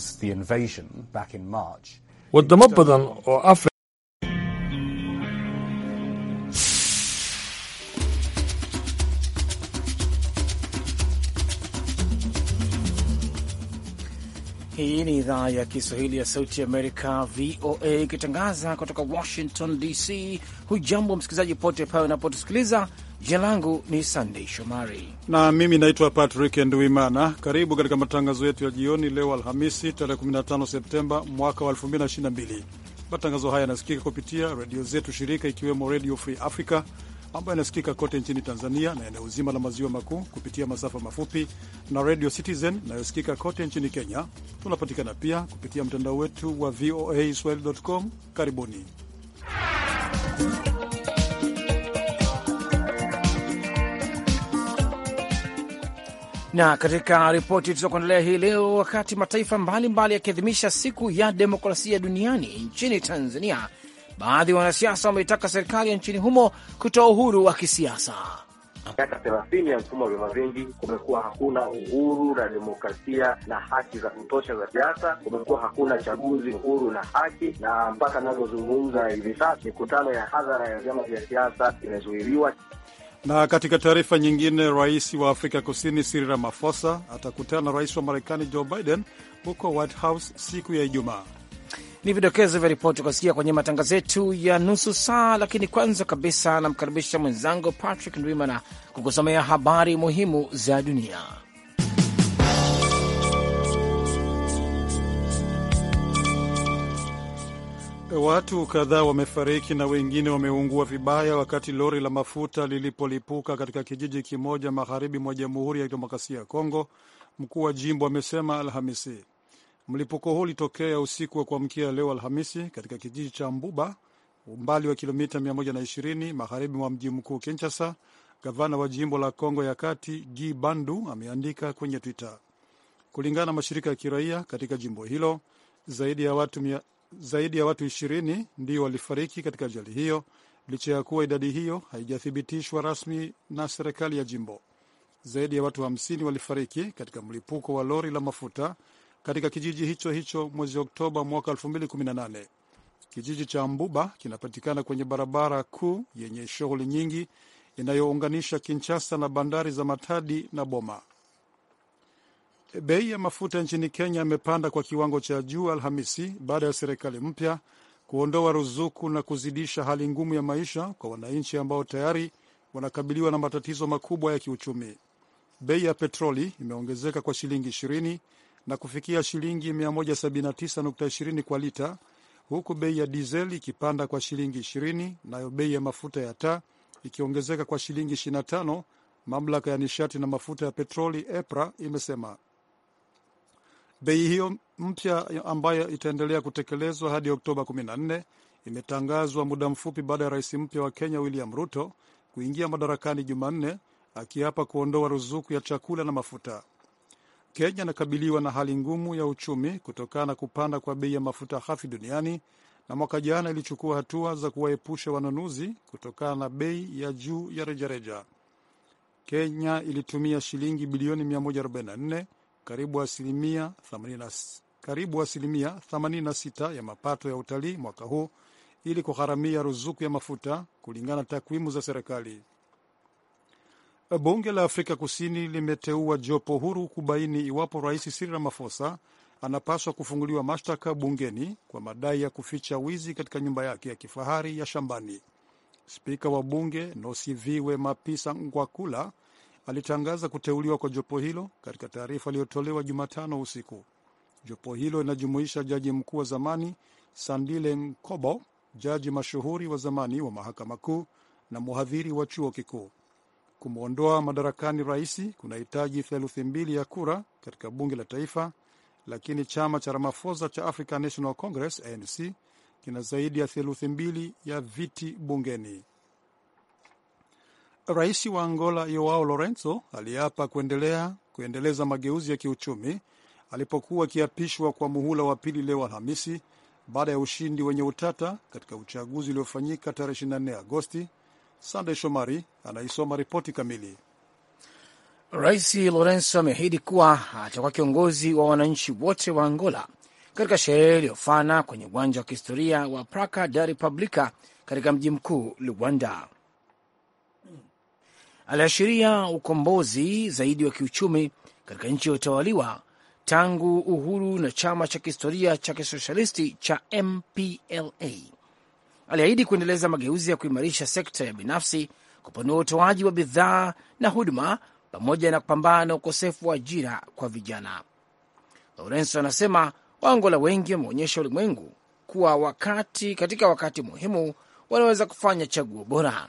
The invasion back in wadamo badan oo Afrika Hii ni idhaa ya Kiswahili ya Sauti ya Amerika, VOA, ikitangaza kutoka Washington DC. Hujambo msikilizaji pote pale unapotusikiliza Jina langu ni Sandey Shomari na mimi naitwa Patrick Nduimana. Karibu katika matangazo yetu ya jioni leo Alhamisi, tarehe 15 Septemba mwaka wa 2022. Matangazo haya yanasikika kupitia redio zetu shirika, ikiwemo Redio Free Africa ambayo inasikika kote nchini Tanzania na eneo zima la maziwa makuu kupitia masafa mafupi na Radio Citizen inayosikika kote nchini Kenya. Tunapatikana pia kupitia mtandao wetu wa voa swahili.com. Karibuni Na katika ripoti tulizokuendelea hii leo, wakati mataifa mbalimbali yakiadhimisha siku ya demokrasia duniani, nchini Tanzania baadhi ya wanasiasa wameitaka serikali ya nchini humo kutoa uhuru wa kisiasa. Miaka thelathini ya mfumo wa vyama vingi, kumekuwa hakuna uhuru na demokrasia na haki za kutosha za siasa, kumekuwa hakuna chaguzi uhuru na haki, na mpaka anavyozungumza hivi sasa mikutano ya hadhara ya vyama vya siasa imezuiliwa. Na katika taarifa nyingine, rais wa Afrika Kusini Cyril Ramaphosa atakutana na rais wa Marekani Joe Biden huko White House siku ya Ijumaa. Ni vidokezo vya ripoti kusikia kwenye matangazo yetu ya nusu saa, lakini kwanza kabisa namkaribisha mwenzangu Patrick Ndwimana kukusomea habari muhimu za dunia. Watu kadhaa wamefariki na wengine wameungua vibaya wakati lori la mafuta lilipolipuka katika kijiji kimoja magharibi mwa Jamhuri ya Kidemokrasia ya Kongo, mkuu wa jimbo amesema Alhamisi. Mlipuko huu ulitokea usiku wa kuamkia leo Alhamisi katika kijiji cha Mbuba, umbali wa kilomita 120 magharibi mwa mji mkuu Kinshasa. Gavana wa jimbo la Kongo ya Kati Gi Bandu ameandika kwenye Twitter. Kulingana na mashirika ya kiraia katika jimbo hilo, zaidi ya watu mia zaidi ya watu ishirini ndio walifariki katika ajali hiyo, licha ya kuwa idadi hiyo haijathibitishwa rasmi na serikali ya jimbo. Zaidi ya watu 50 walifariki katika mlipuko wa lori la mafuta katika kijiji hicho hicho mwezi Oktoba mwaka 2018. Kijiji cha Mbuba kinapatikana kwenye barabara kuu yenye shughuli nyingi inayounganisha Kinshasa na bandari za Matadi na Boma. Bei ya mafuta nchini Kenya imepanda kwa kiwango cha juu Alhamisi baada ya serikali mpya kuondoa ruzuku na kuzidisha hali ngumu ya maisha kwa wananchi ambao tayari wanakabiliwa na matatizo makubwa ya kiuchumi. Bei ya petroli imeongezeka kwa shilingi 20 na kufikia shilingi 179.20 kwa lita, huku bei ya dizeli ikipanda kwa shilingi 20, nayo bei ya mafuta ya taa ikiongezeka kwa shilingi 25, mamlaka ya nishati na mafuta ya petroli EPRA imesema. Bei hiyo mpya ambayo itaendelea kutekelezwa hadi Oktoba 14 imetangazwa muda mfupi baada ya rais mpya wa Kenya William Ruto kuingia madarakani Jumanne, akiapa kuondoa ruzuku ya chakula na mafuta. Kenya inakabiliwa na hali ngumu ya uchumi kutokana na kupanda kwa bei ya mafuta hafi duniani, na mwaka jana ilichukua hatua za kuwaepusha wanunuzi kutokana na bei ya juu ya rejareja. Kenya ilitumia shilingi bilioni 144 karibu asilimia 86 ya mapato ya utalii mwaka huu ili kugharamia ruzuku ya mafuta, kulingana na takwimu za serikali. Bunge la Afrika Kusini limeteua jopo huru kubaini iwapo Rais Cyril Ramaphosa anapaswa kufunguliwa mashtaka bungeni kwa madai ya kuficha wizi katika nyumba yake ya kifahari ya shambani. Spika wa bunge Nosiviwe Mapisa Ngwakula alitangaza kuteuliwa kwa jopo hilo katika taarifa iliyotolewa Jumatano usiku. Jopo hilo linajumuisha jaji mkuu wa zamani Sandile Nkobo, jaji mashuhuri wa zamani wa mahakama kuu na mhadhiri wa chuo kikuu. Kumwondoa madarakani rais kunahitaji theluthi mbili ya kura katika bunge la taifa, lakini chama cha ramafosa cha African National Congress ANC kina zaidi ya theluthi mbili ya viti bungeni. Rais wa Angola yoao Lorenzo aliapa kuendelea kuendeleza mageuzi ya kiuchumi alipokuwa akiapishwa kwa muhula wa pili leo Alhamisi baada ya ushindi wenye utata katika uchaguzi uliofanyika tarehe 24 Agosti. Sandey Shomari anaisoma ripoti kamili. Rais Lorenzo ameahidi kuwa atakuwa kiongozi wa wananchi wote wa Angola katika sherehe iliyofana kwenye uwanja wa kihistoria wa Praca da Republica katika mji mkuu Luanda aliashiria ukombozi zaidi wa kiuchumi katika nchi ya tangu uhuru na chama cha kihistoria cha kisoshalisti cha MPLA. Aliahidi kuendeleza mageuzi ya kuimarisha sekta ya binafsi, kupanua utoaji wa bidhaa na huduma, pamoja na kupambana na ukosefu wa ajira kwa vijana. Lorenzo anasema Waangola wengi wameonyesha ulimwengu kuwa wakati katika wakati muhimu wanaweza kufanya chaguo bora.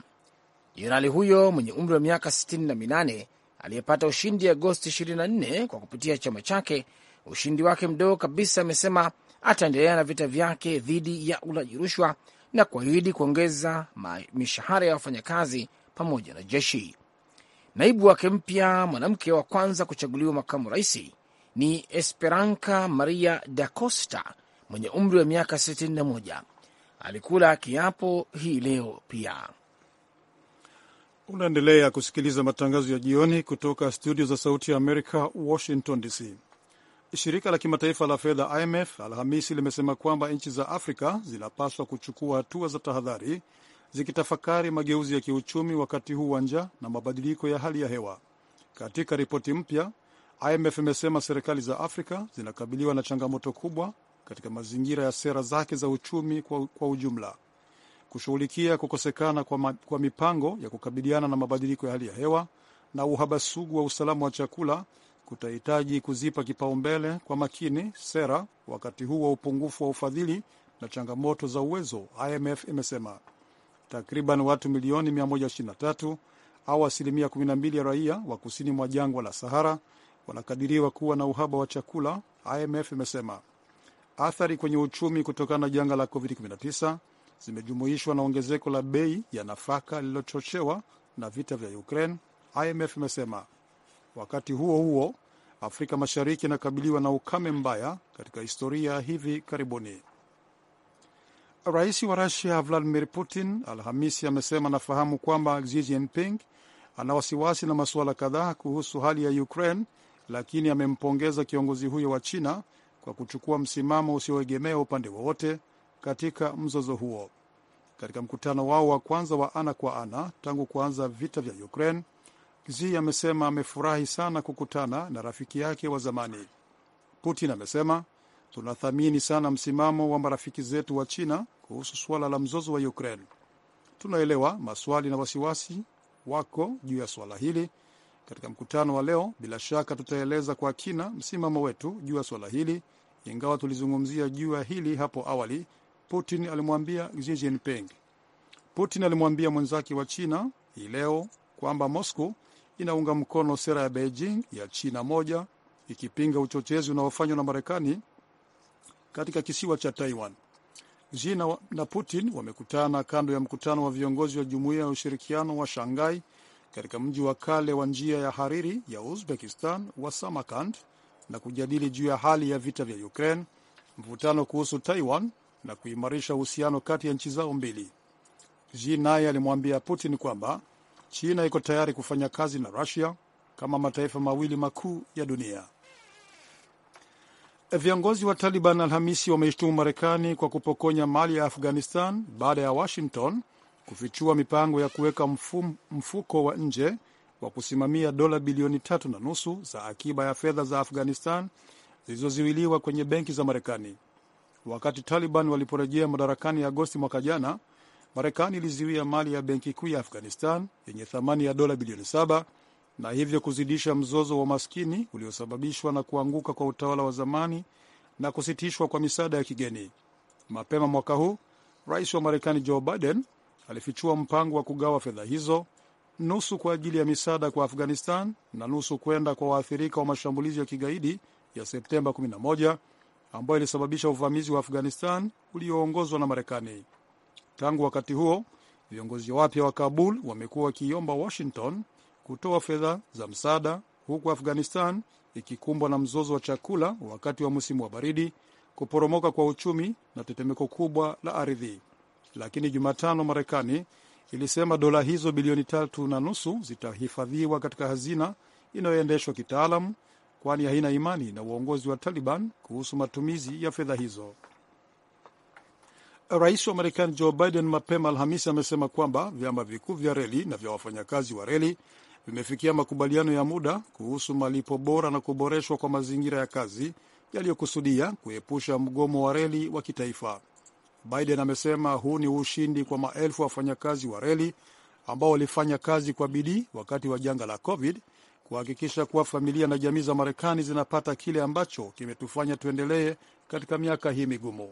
Jenerali huyo mwenye umri wa miaka 68 aliyepata ushindi Agosti 24 kwa kupitia chama chake, ushindi wake mdogo kabisa, amesema ataendelea na vita vyake dhidi ya ulaji rushwa na kuahidi kuongeza mishahara ya wafanyakazi pamoja na jeshi. Naibu wake mpya mwanamke wa kwanza kuchaguliwa makamu raisi ni Esperanca Maria da Costa mwenye umri wa miaka 61 alikula kiapo hii leo pia. Unaendelea kusikiliza matangazo ya jioni kutoka studio za Sauti ya Amerika, Washington DC. Shirika la kimataifa la fedha IMF Alhamisi limesema kwamba nchi za Afrika zinapaswa kuchukua hatua za tahadhari, zikitafakari mageuzi ya kiuchumi wakati huu wa njaa na mabadiliko ya hali ya hewa. Katika ripoti mpya, IMF imesema serikali za Afrika zinakabiliwa na changamoto kubwa katika mazingira ya sera zake za uchumi kwa, kwa ujumla kushughulikia kukosekana kwa, ma, kwa mipango ya kukabiliana na mabadiliko ya hali ya hewa na uhaba sugu wa usalama wa chakula kutahitaji kuzipa kipaumbele kwa makini sera wakati huu wa upungufu wa ufadhili na changamoto za uwezo, IMF imesema. Takriban watu milioni 123 au asilimia 12 ya raia wa kusini mwa jangwa la Sahara wanakadiriwa kuwa na uhaba wa chakula, IMF imesema. Athari kwenye uchumi kutokana na janga la COVID-19 zimejumuishwa na ongezeko la bei ya nafaka lililochochewa na vita vya Ukraine, IMF imesema. Wakati huo huo, Afrika Mashariki inakabiliwa na ukame mbaya katika historia hivi karibuni. Rais wa Rusia Vladimir Putin Alhamisi amesema anafahamu kwamba Xi Jinping ana wasiwasi na masuala kadhaa kuhusu hali ya Ukraine, lakini amempongeza kiongozi huyo wa China kwa kuchukua msimamo usioegemea upande wowote katika mzozo huo. Katika mkutano wao wa kwanza wa ana kwa ana tangu kuanza vita vya Ukraine, Xi amesema amefurahi sana kukutana na rafiki yake wa zamani. Putin amesema tunathamini sana msimamo wa marafiki zetu wa China kuhusu suala la mzozo wa Ukraine. Tunaelewa maswali na wasiwasi wako juu ya suala hili. Katika mkutano wa leo, bila shaka tutaeleza kwa kina msimamo wetu juu ya suala hili, ingawa tulizungumzia juu ya hili hapo awali Putin alimwambia Xi Jinping. Putin alimwambia mwenzake wa China hii leo kwamba Moscow inaunga mkono sera ya Beijing ya China moja, ikipinga uchochezi unaofanywa na Marekani katika kisiwa cha Taiwan. Xi na Putin wamekutana kando ya mkutano wa viongozi wa jumuiya ya ushirikiano wa Shanghai katika mji wa kale wa njia ya hariri ya Uzbekistan wa Samarkand na kujadili juu ya hali ya vita vya Ukraine, mvutano kuhusu Taiwan na kuimarisha uhusiano kati ya nchi zao mbili. Xi naye alimwambia Putin kwamba China iko tayari kufanya kazi na Rusia kama mataifa mawili makuu ya dunia. Viongozi wa Taliban Alhamisi wameishtumu Marekani kwa kupokonya mali ya Afghanistan baada ya Washington kufichua mipango ya kuweka mfuko wa nje wa kusimamia dola bilioni tatu na nusu za akiba ya fedha za Afghanistan zilizoziwiliwa kwenye benki za Marekani. Wakati Taliban waliporejea madarakani Agosti mwaka jana, Marekani ilizuia mali ya benki kuu ya Afghanistan yenye thamani ya dola bilioni saba na hivyo kuzidisha mzozo wa maskini uliosababishwa na kuanguka kwa utawala wa zamani na kusitishwa kwa misaada ya kigeni. Mapema mwaka huu rais wa Marekani Joe Biden alifichua mpango wa kugawa fedha hizo, nusu kwa ajili ya misaada kwa Afghanistan na nusu kwenda kwa waathirika wa mashambulizi ya kigaidi ya Septemba 11 ambayo ilisababisha uvamizi wa Afghanistan ulioongozwa na Marekani. Tangu wakati huo, viongozi wapya wa Kabul wamekuwa wakiiomba Washington kutoa fedha za msaada, huku Afghanistan ikikumbwa na mzozo wa chakula wakati wa msimu wa baridi, kuporomoka kwa uchumi na tetemeko kubwa la ardhi. Lakini Jumatano, Marekani ilisema dola hizo bilioni tatu na nusu zitahifadhiwa katika hazina inayoendeshwa kitaalam kwani haina imani na uongozi wa Taliban kuhusu matumizi ya fedha hizo. Rais wa Marekani Joe Biden mapema Alhamisi amesema kwamba vyama vikuu vya reli na vya wafanyakazi wa reli vimefikia makubaliano ya muda kuhusu malipo bora na kuboreshwa kwa mazingira ya kazi yaliyokusudia kuepusha mgomo wa reli wa kitaifa. Biden amesema huu ni ushindi kwa maelfu ya wafanyakazi wa reli ambao walifanya kazi kwa bidii wakati wa janga la COVID kuhakikisha kuwa familia na jamii za Marekani zinapata kile ambacho kimetufanya tuendelee katika miaka hii migumu.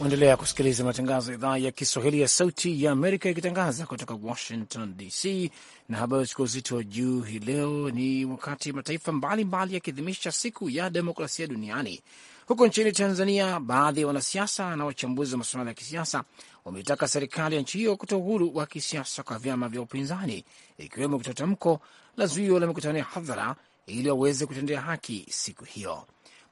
Uendelea kusikiliza matangazo ya idhaa ya Kiswahili ya Sauti ya Amerika ikitangaza kutoka Washington DC. Na habari chukua uzito wa juu hii leo ni wakati mataifa mbalimbali yakiadhimisha siku ya demokrasia duniani. Huko nchini Tanzania, baadhi ya wanasiasa na wachambuzi wa masuala ya kisiasa wameitaka serikali ya nchi hiyo kutoa uhuru wa kisiasa kwa vyama vya upinzani, ikiwemo kutoa tamko la zuio la mikutano ya hadhara ili waweze kutendea haki siku hiyo.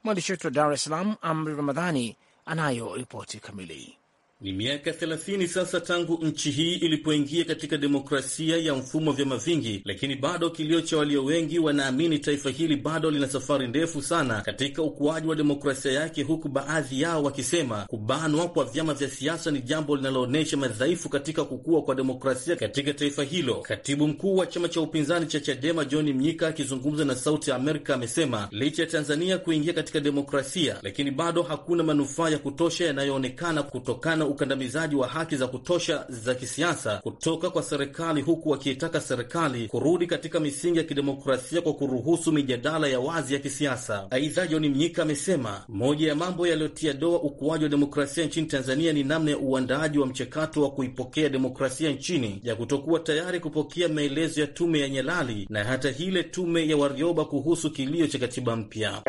Mwandishi wetu wa Dar es Salaam, Amri Ramadhani, anayo ripoti kamili. Ni miaka 30 sasa tangu nchi hii ilipoingia katika demokrasia ya mfumo wa vyama vingi, lakini bado kilio cha walio wengi wanaamini taifa hili bado lina safari ndefu sana katika ukuaji wa demokrasia yake, huku baadhi yao wakisema kubanwa kwa vyama vya siasa ni jambo linaloonyesha madhaifu katika kukua kwa demokrasia katika taifa hilo. Katibu mkuu wa chama cha upinzani cha Chadema John Mnyika akizungumza na Sauti ya Amerika amesema licha ya Tanzania kuingia katika demokrasia, lakini bado hakuna manufaa ya kutosha yanayoonekana kutokana ukandamizaji wa haki za kutosha za kisiasa kutoka kwa serikali, huku wakiitaka serikali kurudi katika misingi ya kidemokrasia kwa kuruhusu mijadala ya wazi ya kisiasa. Aidha, John Mnyika amesema moja ya mambo yaliyotia doa ukuaji wa demokrasia nchini Tanzania ni namna ya uandaaji wa mchakato wa kuipokea demokrasia nchini, ya kutokuwa tayari kupokea maelezo ya tume ya Nyalali na hata ile tume ya Warioba kuhusu kilio cha katiba mpya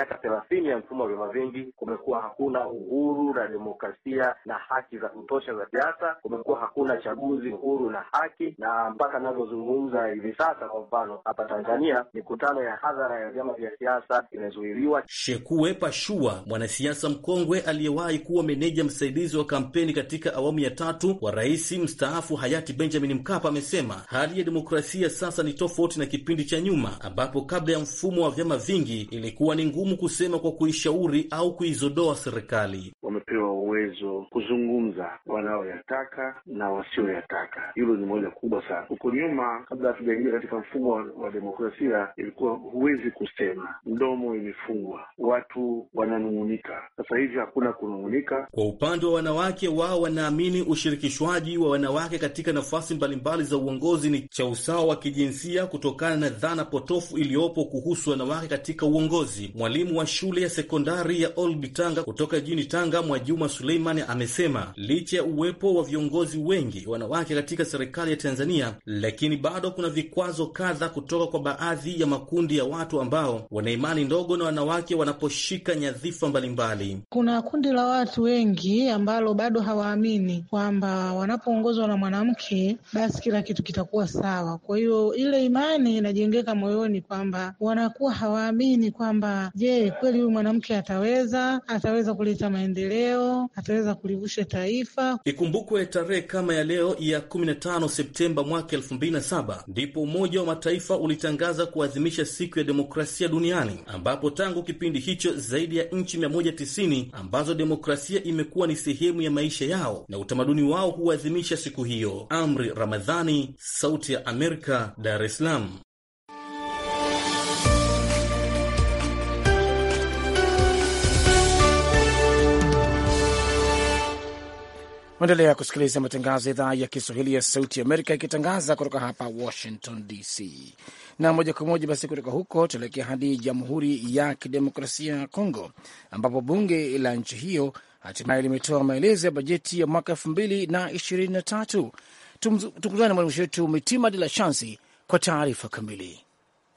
chini ya mfumo wa vyama vingi kumekuwa hakuna uhuru na demokrasia na haki za kutosha za siasa. Kumekuwa hakuna chaguzi uhuru na haki, na mpaka anavyozungumza hivi sasa, kwa mfano hapa Tanzania, mikutano ya hadhara ya vyama vya siasa imezuiliwa. Shekue Pashua, mwanasiasa mkongwe aliyewahi kuwa meneja msaidizi wa kampeni katika awamu ya tatu wa rais mstaafu hayati Benjamin Mkapa, amesema hali ya demokrasia sasa ni tofauti na kipindi cha nyuma, ambapo kabla ya mfumo wa vyama vingi ilikuwa ni ngumu kusema kwa kuishauri au kuizodoa serikali. Wamepewa uwezo kuzungumza wanaoyataka na wasioyataka. Hilo ni moja kubwa sana. Huko nyuma, kabla hatujaingia katika mfumo wa demokrasia, ilikuwa huwezi kusema, mdomo imefungwa, watu wananung'unika. Sasa hivi hakuna kunung'unika. Kwa upande wa wanawake, wao wanaamini ushirikishwaji wa wanawake katika nafasi mbalimbali za uongozi ni cha usawa wa kijinsia kutokana na dhana potofu iliyopo kuhusu wanawake katika uongozi. Mwalimu wa shule ya sekondari ya Olbi Tanga kutoka jijini Tanga, Mwajuma Suleiman Suleimani amesema licha ya uwepo wa viongozi wengi wanawake katika serikali ya Tanzania, lakini bado kuna vikwazo kadha kutoka kwa baadhi ya makundi ya watu ambao wana imani ndogo na wanawake wanaposhika nyadhifa mbalimbali. Kuna kundi la watu wengi ambalo bado hawaamini kwamba wanapoongozwa na mwanamke basi kila kitu kitakuwa sawa. Kwa hiyo ile imani inajengeka moyoni kwamba wanakuwa hawaamini kwamba, je, kweli huyu mwanamke ataweza ataweza kuleta maendeleo wataweza kulivusha taifa. Ikumbukwe tarehe kama ya leo ya 15 Septemba mwaka 2007 ndipo Umoja wa Mataifa ulitangaza kuadhimisha siku ya demokrasia duniani, ambapo tangu kipindi hicho zaidi ya nchi 190 ambazo demokrasia imekuwa ni sehemu ya maisha yao na utamaduni wao huadhimisha siku hiyo. Amri Ramadhani, Sauti ya Amerika, Dar es Salaam. Maendelea kusikiliza matangazo ya idhaa ya Kiswahili ya Sauti Amerika ikitangaza kutoka hapa Washington DC, na moja kwa moja basi kutoka huko tuelekea hadi Jamhuri ya Kidemokrasia ya Kongo, ambapo bunge la nchi hiyo hatimaye limetoa maelezo ya bajeti ya mwaka elfu mbili na ishirini na tatu. Tukutane na mwandishi wetu Mitima De La Shansi kwa taarifa kamili.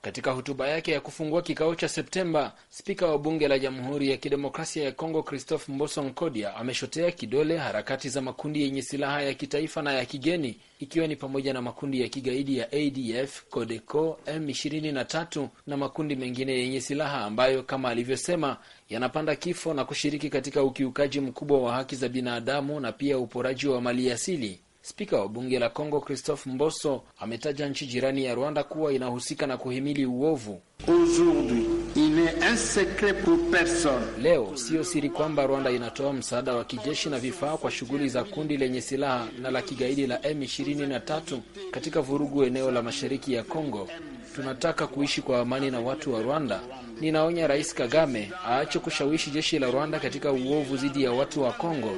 Katika hotuba yake ya kufungua kikao cha Septemba, spika wa bunge la Jamhuri ya Kidemokrasia ya Kongo Christophe Mboso Nkodia ameshotea kidole harakati za makundi yenye silaha ya kitaifa na ya kigeni, ikiwa ni pamoja na makundi ya kigaidi ya ADF, CODECO, M23 na makundi mengine yenye silaha ambayo kama alivyosema yanapanda kifo na kushiriki katika ukiukaji mkubwa wa haki za binadamu na pia uporaji wa mali asili. Spika wa bunge la Kongo Christophe Mboso ametaja nchi jirani ya Rwanda kuwa inahusika na kuhimili uovu. Leo siyo siri kwamba Rwanda inatoa msaada wa kijeshi na vifaa kwa shughuli za kundi lenye silaha na la kigaidi la M23 katika vurugu eneo la mashariki ya Kongo. Tunataka kuishi kwa amani na watu wa Rwanda ninaonya Rais Kagame aache kushawishi jeshi la Rwanda katika uovu dhidi ya watu wa Kongo.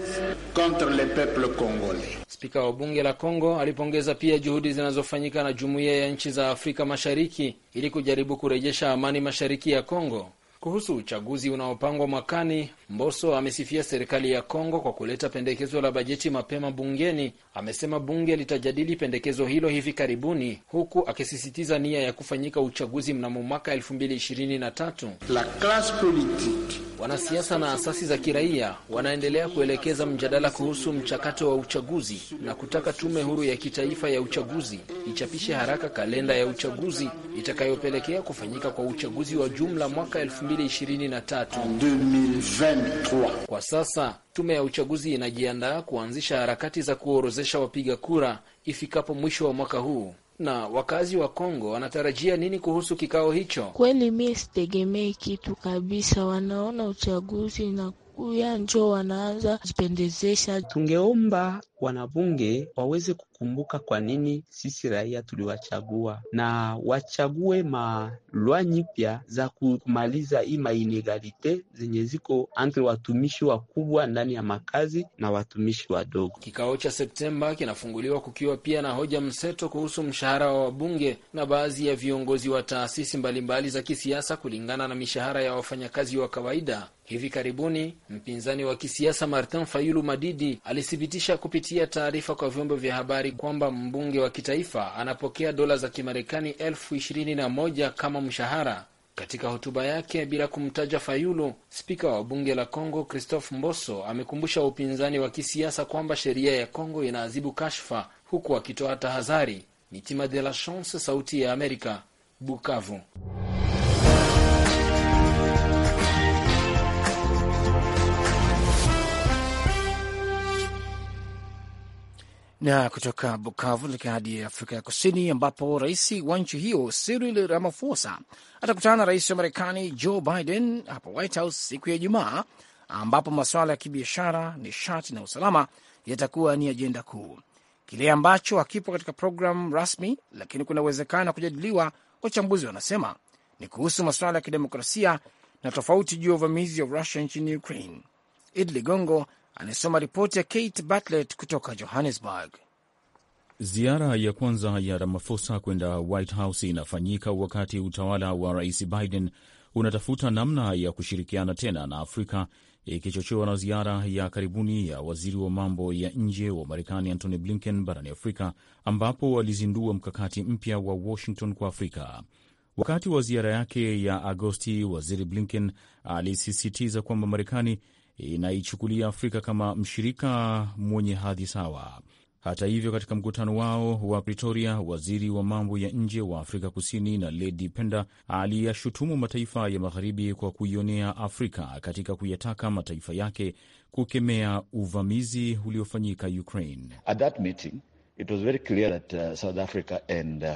Spika wa bunge la Kongo alipongeza pia juhudi zinazofanyika na jumuiya ya nchi za Afrika Mashariki ili kujaribu kurejesha amani mashariki ya Kongo. Kuhusu uchaguzi unaopangwa mwakani, Mboso amesifia serikali ya Kongo kwa kuleta pendekezo la bajeti mapema bungeni. Amesema bunge litajadili pendekezo hilo hivi karibuni, huku akisisitiza nia ya kufanyika uchaguzi mnamo mwaka 2023. La classe politique Wanasiasa na asasi za kiraia wanaendelea kuelekeza mjadala kuhusu mchakato wa uchaguzi na kutaka tume huru ya kitaifa ya uchaguzi ichapishe haraka kalenda ya uchaguzi itakayopelekea kufanyika kwa uchaguzi wa jumla mwaka 2023. Kwa sasa tume ya uchaguzi inajiandaa kuanzisha harakati za kuorozesha wapiga kura ifikapo mwisho wa mwaka huu na wakazi wa Kongo wanatarajia nini kuhusu kikao hicho? Kweli mie sitegemei kitu kabisa, wanaona uchaguzi na kuya njo wanaanza jipendezesha. Tungeomba wanabunge waweze kukumbuka kwa nini sisi raia tuliwachagua, na wachague malwa nyipya za kumaliza hii mainegalite zenye ziko antre watumishi wakubwa ndani ya makazi na watumishi wadogo. Kikao cha Septemba kinafunguliwa kukiwa pia na hoja mseto kuhusu mshahara wa wabunge na baadhi ya viongozi wa taasisi mbalimbali za kisiasa kulingana na mishahara ya wafanyakazi wa kawaida. Hivi karibuni mpinzani wa kisiasa Martin Fayulu Madidi alithibitisha kupitia kupitia taarifa kwa vyombo vya habari kwamba mbunge wa kitaifa anapokea dola za Kimarekani elfu ishirini na moja kama mshahara. Katika hotuba yake bila kumtaja Fayulu, spika wa bunge la Kongo Christophe Mboso amekumbusha upinzani wa kisiasa kwamba sheria ya Kongo inaadhibu kashfa, huku akitoa tahadhari. Mitima de la Chance, Sauti ya Amerika, Bukavu. Na kutoka Bukavu tuelekea hadi Afrika ya Kusini, ambapo rais wa nchi hiyo Cyril Ramaphosa atakutana na rais wa Marekani Joe Biden hapo White House siku ya Ijumaa, ambapo masuala ya kibiashara, nishati na usalama yatakuwa ni ajenda kuu, kile ambacho hakipo katika programu rasmi, lakini kuna uwezekano kujadiliwa. Wachambuzi wanasema ni kuhusu masuala ya kidemokrasia na tofauti juu ya uvamizi wa Rusia nchini Ukraine. Idi Ligongo anayesoma ripoti ya Kate Bartlett kutoka Johannesburg. Ziara ya kwanza ya Ramaphosa kwenda White House inafanyika wakati utawala wa Rais Biden unatafuta namna ya kushirikiana tena na Afrika, ikichochewa na ziara ya karibuni ya waziri wa mambo ya nje wa Marekani Antony Blinken barani Afrika, ambapo alizindua mkakati mpya wa Washington kwa Afrika. Wakati wa ziara yake ya Agosti, waziri Blinken alisisitiza kwamba Marekani inaichukulia Afrika kama mshirika mwenye hadhi sawa. Hata hivyo, katika mkutano wao wa Pretoria, waziri wa mambo ya nje wa Afrika Kusini na Ledi Penda aliyashutumu mataifa ya Magharibi kwa kuionea Afrika katika kuyataka mataifa yake kukemea uvamizi uliofanyika Ukraine. At that meeting, it was very clear that, uh, South Africa and, uh...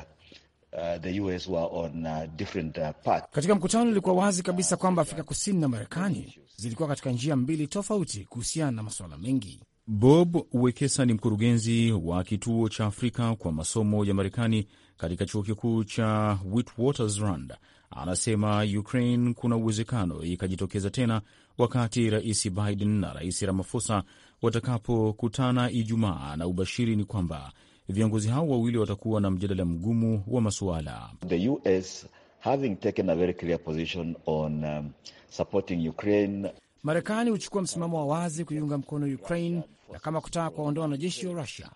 Uh, the US were on, uh, different, uh, path. Katika mkutano ilikuwa wazi kabisa kwamba Afrika Kusini na Marekani zilikuwa katika njia mbili tofauti kuhusiana na masuala mengi. Bob Wekesa ni mkurugenzi wa kituo cha Afrika kwa masomo ya Marekani katika chuo kikuu cha Witwatersrand. Anasema Ukraine kuna uwezekano ikajitokeza tena wakati Rais Biden na Rais Ramaphosa watakapokutana Ijumaa, na ubashiri ni kwamba Viongozi hao wawili watakuwa na mjadala mgumu wa masuala The US having taken a very clear position on um, supporting Ukraine. Marekani huchukua msimamo wa wazi kuiunga mkono Ukraine na kama kutaka kuwaondoa wanajeshi wa Rusia,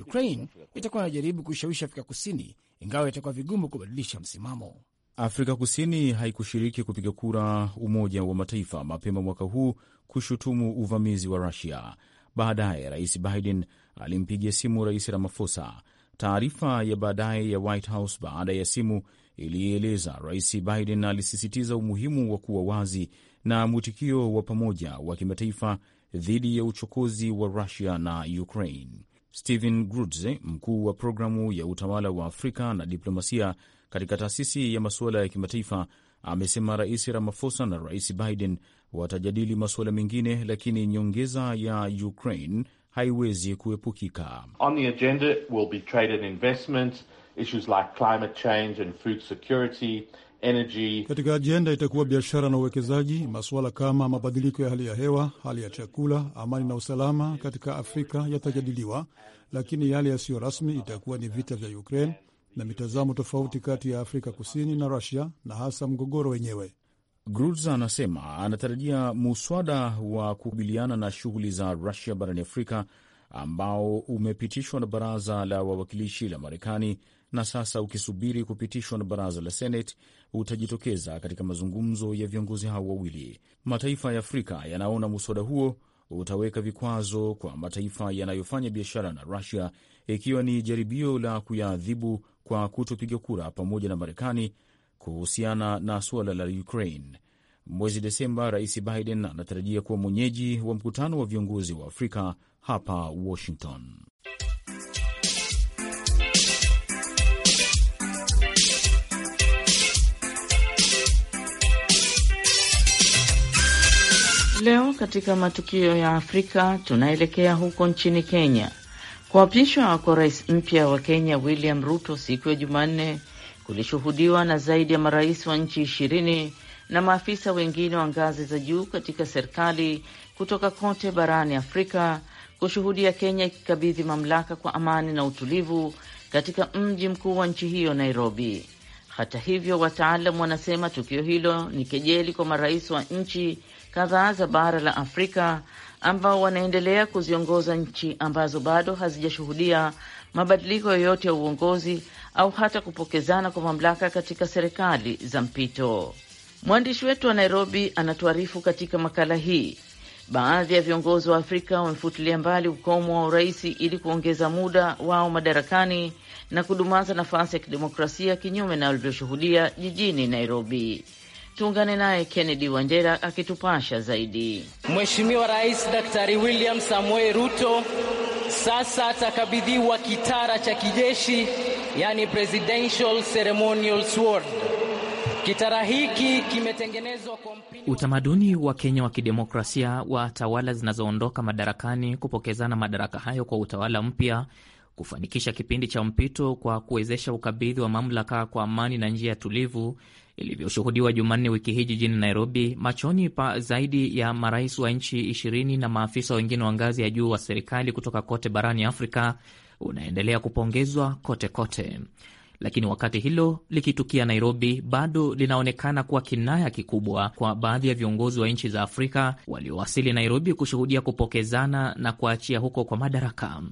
Ukraine itakuwa inajaribu kuishawishi Afrika Kusini, ingawa itakuwa vigumu kubadilisha msimamo. Afrika Kusini haikushiriki kupiga kura Umoja wa Mataifa mapema mwaka huu kushutumu uvamizi wa Rusia. Baadaye Rais Biden alimpigia simu Rais Ramaphosa. Taarifa ya baadaye ya White House baada ya simu ilieleza Rais Biden alisisitiza umuhimu wa kuwa wazi na mwitikio wa pamoja wa kimataifa dhidi ya uchokozi wa Rusia na Ukraine. Stephen Grudze, mkuu wa programu ya utawala wa Afrika na diplomasia katika taasisi ya masuala ya kimataifa, amesema Rais Ramaphosa na Rais Biden watajadili masuala mengine, lakini nyongeza ya Ukraine haiwezi kuepukika. On the agenda will be trade and investment, issues like climate change and food security, energy. Katika ajenda itakuwa biashara na uwekezaji, masuala kama mabadiliko ya hali ya hewa, hali ya chakula, amani na usalama katika Afrika yatajadiliwa, lakini yale yasiyo rasmi itakuwa ni vita vya Ukraine na mitazamo tofauti kati ya Afrika Kusini na Rusia na hasa mgogoro wenyewe. Grutz anasema anatarajia muswada wa kukabiliana na shughuli za Rusia barani Afrika ambao umepitishwa na baraza la wawakilishi la Marekani na sasa ukisubiri kupitishwa na baraza la senet utajitokeza katika mazungumzo ya viongozi hao wawili. Mataifa ya Afrika yanaona muswada huo utaweka vikwazo kwa mataifa yanayofanya biashara na Rusia, ikiwa ni jaribio la kuyaadhibu kwa kutopiga kura pamoja na Marekani kuhusiana na suala la Ukraine. Mwezi Desemba, Rais Biden anatarajia kuwa mwenyeji wa mkutano wa viongozi wa Afrika hapa Washington. Leo katika matukio ya Afrika tunaelekea huko nchini Kenya. Kuapishwa kwa rais mpya wa Kenya William Ruto siku ya Jumanne kulishuhudiwa na zaidi ya marais wa nchi ishirini na maafisa wengine wa ngazi za juu katika serikali kutoka kote barani Afrika kushuhudia Kenya ikikabidhi mamlaka kwa amani na utulivu katika mji mkuu wa nchi hiyo Nairobi. Hata hivyo, wataalam wanasema tukio hilo ni kejeli kwa marais wa nchi kadhaa za bara la Afrika ambao wanaendelea kuziongoza nchi ambazo bado hazijashuhudia mabadiliko yoyote ya uongozi au hata kupokezana kwa mamlaka katika serikali za mpito. Mwandishi wetu wa Nairobi anatuarifu katika makala hii. Baadhi ya viongozi wa Afrika wamefutilia mbali ukomo wa urais ili kuongeza muda wao madarakani na kudumaza nafasi ya kidemokrasia, kinyume na walivyoshuhudia jijini Nairobi. Tuungane naye Kennedy Wandera akitupasha zaidi. Mheshimiwa Rais Daktari William Samuel Ruto sasa atakabidhiwa kitara cha kijeshi, yani presidential ceremonial sword. Kitara hiki kimetengenezwa kwa mpini. Utamaduni wa Kenya wa kidemokrasia wa tawala zinazoondoka madarakani kupokezana madaraka hayo kwa utawala mpya kufanikisha kipindi cha mpito kwa kuwezesha ukabidhi wa mamlaka kwa amani na njia ya tulivu ilivyoshuhudiwa Jumanne wiki hii jijini Nairobi, machoni pa zaidi ya marais wa nchi ishirini na maafisa wengine wa ngazi ya juu wa serikali kutoka kote barani Afrika, unaendelea kupongezwa kote kote. Lakini wakati hilo likitukia, Nairobi bado linaonekana kuwa kinaya kikubwa kwa baadhi ya viongozi wa nchi za Afrika waliowasili Nairobi kushuhudia kupokezana na kuachia huko kwa madaraka.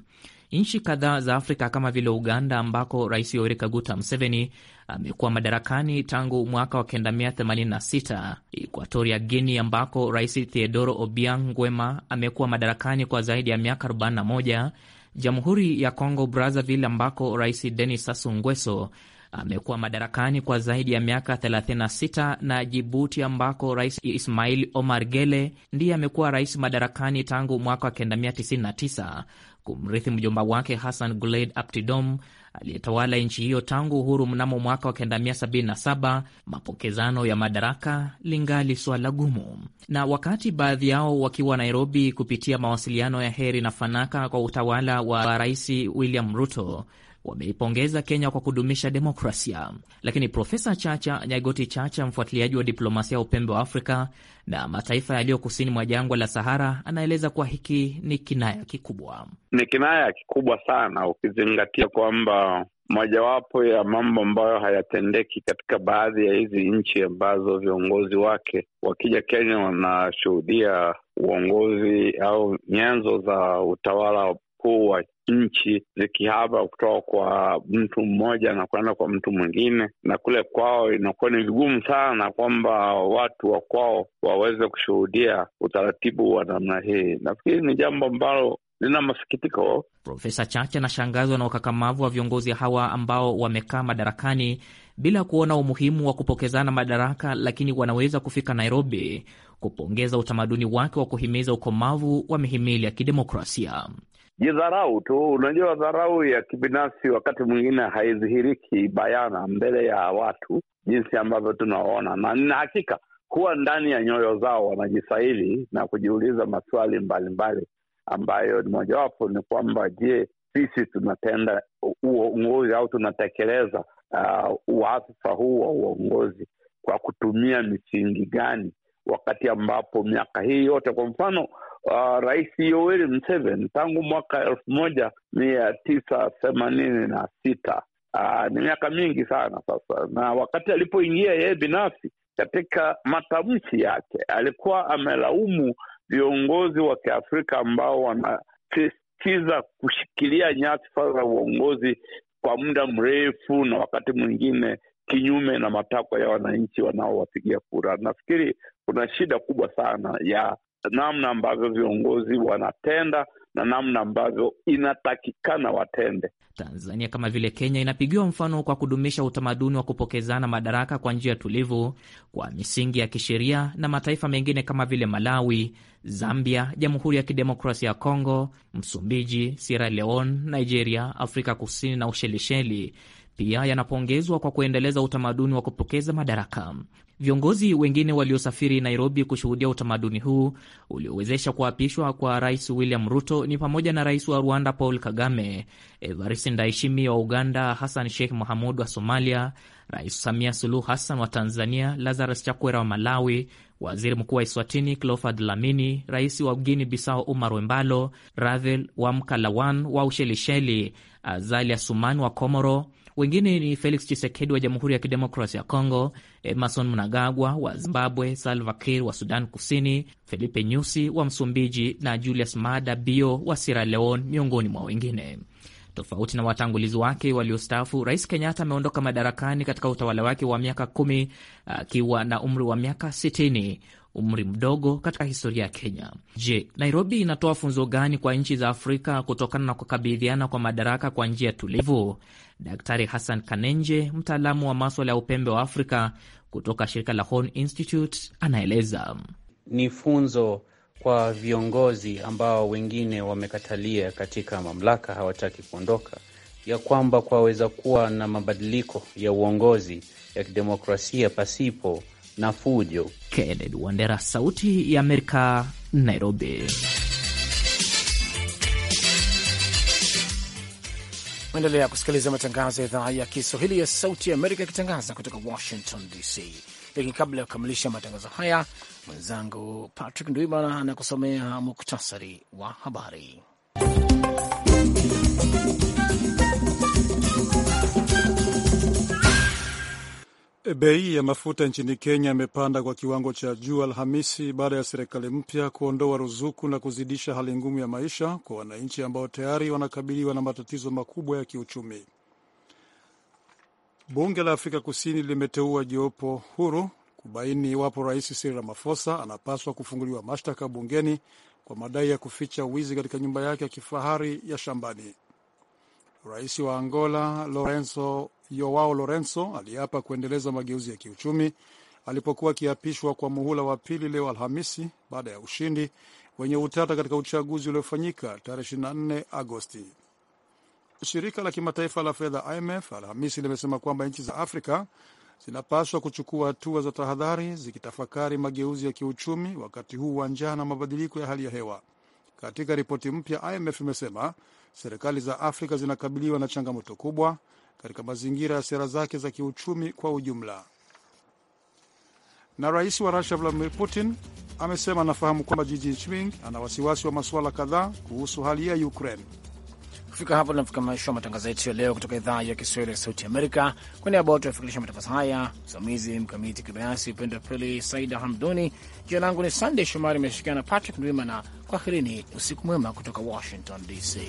Nchi kadhaa za Afrika kama vile Uganda, ambako Rais Yoweri Kaguta Museveni amekuwa madarakani tangu mwaka wa 1986. ya Guinea, ambako Rais Theodoro Obiang Nguema amekuwa madarakani kwa zaidi ya miaka 41. Jamhuri ya Congo Brazzaville, ambako Rais Denis Sassou Nguesso amekuwa madarakani kwa zaidi ya miaka 36 na Jibuti ambako rais Ismail Omar Gele ndiye amekuwa rais madarakani tangu mwaka wa 1999 kumrithi mjomba wake Hassan glade Aptidom aliyetawala nchi hiyo tangu uhuru mnamo mwaka wa 1977. Mapokezano ya madaraka lingali swala gumu, na wakati baadhi yao wakiwa Nairobi kupitia mawasiliano ya heri na fanaka kwa utawala wa Rais William Ruto wameipongeza Kenya kwa kudumisha demokrasia. Lakini Profesa Chacha Nyagoti Chacha, mfuatiliaji wa diplomasia ya upembe wa Afrika na mataifa yaliyo kusini mwa jangwa la Sahara, anaeleza kuwa hiki ni kinaya kikubwa. Ni kinaya kikubwa sana, ukizingatia kwamba mojawapo ya mambo ambayo hayatendeki katika baadhi ya hizi nchi ambazo viongozi wake wakija Kenya wanashuhudia uongozi au nyenzo za utawala huu wa nchi zikihaba kutoka kwa mtu mmoja na kuenda kwa mtu mwingine, na kule kwao inakuwa ni vigumu sana kwamba watu wa kwao waweze kushuhudia utaratibu wa namna hii. Nafikiri ni jambo ambalo lina masikitiko. Profesa Chacha anashangazwa na ukakamavu wa viongozi hawa ambao wamekaa madarakani bila kuona umuhimu wa kupokezana madaraka, lakini wanaweza kufika Nairobi kupongeza utamaduni wake wa kuhimiza ukomavu wa mihimili ya kidemokrasia jidharau tu. Unajua, dharau ya kibinafsi wakati mwingine haidhihiriki bayana mbele ya watu jinsi ambavyo tunaona, na nina hakika huwa ndani ya nyoyo zao wanajisaili na kujiuliza maswali mbalimbali mbali, ambayo ni mojawapo ni kwamba je, sisi tunatenda uongozi au tunatekeleza uh, uh, huu wa uongozi kwa kutumia misingi gani, wakati ambapo miaka hii yote, kwa mfano uh, Rais Yoweri Museveni tangu mwaka elfu moja mia tisa themanini na sita. Uh, ni miaka mingi sana sasa, na wakati alipoingia yeye binafsi katika matamshi yake alikuwa amelaumu viongozi wa Kiafrika ambao wanasisitiza kushikilia nyadhifa za uongozi kwa muda mrefu na wakati mwingine kinyume na matakwa ya wananchi wanaowapigia kura. Nafikiri kuna shida kubwa sana ya namna ambavyo viongozi wanatenda na namna ambavyo inatakikana watende. Tanzania kama vile Kenya inapigiwa mfano kwa kudumisha utamaduni wa kupokezana madaraka kwa njia tulivu kwa misingi ya kisheria na mataifa mengine kama vile Malawi, Zambia, Jamhuri ya Kidemokrasia ya Kongo, Msumbiji, Sierra Leone, Nigeria, Afrika Kusini na Ushelisheli pia yanapongezwa kwa kuendeleza utamaduni wa kupokeza madaraka. Viongozi wengine waliosafiri Nairobi kushuhudia utamaduni huu uliowezesha kuapishwa kwa Rais William Ruto ni pamoja na rais wa Rwanda Paul Kagame, Evariste Ndayishimiye wa Uganda, Hassan Sheikh Mohamud wa Somalia, Rais Samia Suluhu Hassan wa Tanzania, Lazarus Chakwera wa Malawi, Waziri Mkuu wa Eswatini Clofad Lamini, Rais wa Guini Bisao Umar Wembalo, Ravel Wamkalawan wa Ushelisheli, Azalia Suman wa Komoro. Wengine ni Felix chisekedi wa Jamhuri ya Kidemokrasia ya congo Emerson Mnangagwa wa Zimbabwe, Salva Kiir wa Sudan Kusini, felipe Nyusi wa Msumbiji na Julius Maada Bio wa Sierra Leone, miongoni mwa wengine. Tofauti na watangulizi wake waliostaafu, Rais Kenyatta ameondoka madarakani katika utawala wake wa miaka kumi akiwa na umri wa miaka sitini umri mdogo katika historia ya Kenya. Je, Nairobi inatoa funzo gani kwa nchi za Afrika kutokana na kukabidhiana kwa madaraka kwa njia tulivu? Daktari Hassan Kanenje, mtaalamu wa maswala ya upembe wa Afrika kutoka shirika la Horn Institute, anaeleza. Ni funzo kwa viongozi ambao wengine wamekatalia katika mamlaka, hawataki kuondoka, ya kwamba kwaweza kuwa na mabadiliko ya uongozi ya kidemokrasia pasipo na fujo. Kennedy Wandera, Sauti ya Amerika, Nairobi. Endelea kusikiliza matangazo ya idhaa ya Kiswahili ya Sauti ya Amerika yakitangaza kutoka Washington DC. Lakini kabla ya kukamilisha matangazo haya, mwenzangu Patrick Ndwimana anakusomea muktasari wa habari. Bei ya mafuta nchini Kenya imepanda kwa kiwango cha juu Alhamisi baada ya serikali mpya kuondoa ruzuku na kuzidisha hali ngumu ya maisha kwa wananchi ambao tayari wanakabiliwa na matatizo makubwa ya kiuchumi. Bunge la Afrika Kusini limeteua jopo huru kubaini iwapo Rais Cyril Ramaphosa anapaswa kufunguliwa mashtaka bungeni kwa madai ya kuficha wizi katika nyumba yake ya kifahari ya shambani. Rais wa Angola Lorenzo yowao Lorenzo aliapa kuendeleza mageuzi ya kiuchumi alipokuwa akiapishwa kwa muhula wa pili leo Alhamisi baada ya ushindi wenye utata katika uchaguzi uliofanyika tarehe 24 Agosti. Shirika la kimataifa la fedha IMF Alhamisi limesema kwamba nchi za Afrika zinapaswa kuchukua hatua za tahadhari zikitafakari mageuzi ya kiuchumi wakati huu wa njaa na mabadiliko ya hali ya hewa. Katika ripoti mpya, IMF imesema serikali za Afrika zinakabiliwa na changamoto kubwa katika mazingira ya sera zake za kiuchumi kwa ujumla. Na rais wa Rusia Vladimir Putin amesema anafahamu kwamba Xi Jinping ana wasiwasi wa masuala kadhaa kuhusu hali ya Ukraine. Kufika hapo tunafika mwisho wa matangazo yetu ya leo kutoka idhaa ya Kiswahili ya Sauti Amerika. Kwa niaba wote wafikisha matangazo haya, msimamizi Mkamiti Kibayasi, Upendo Pili, Saida Hamduni. Jina langu ni Sandey Shomari, imeshirikiana na Patrick Ndwimana. Kwaherini, usiku mwema kutoka Washington DC.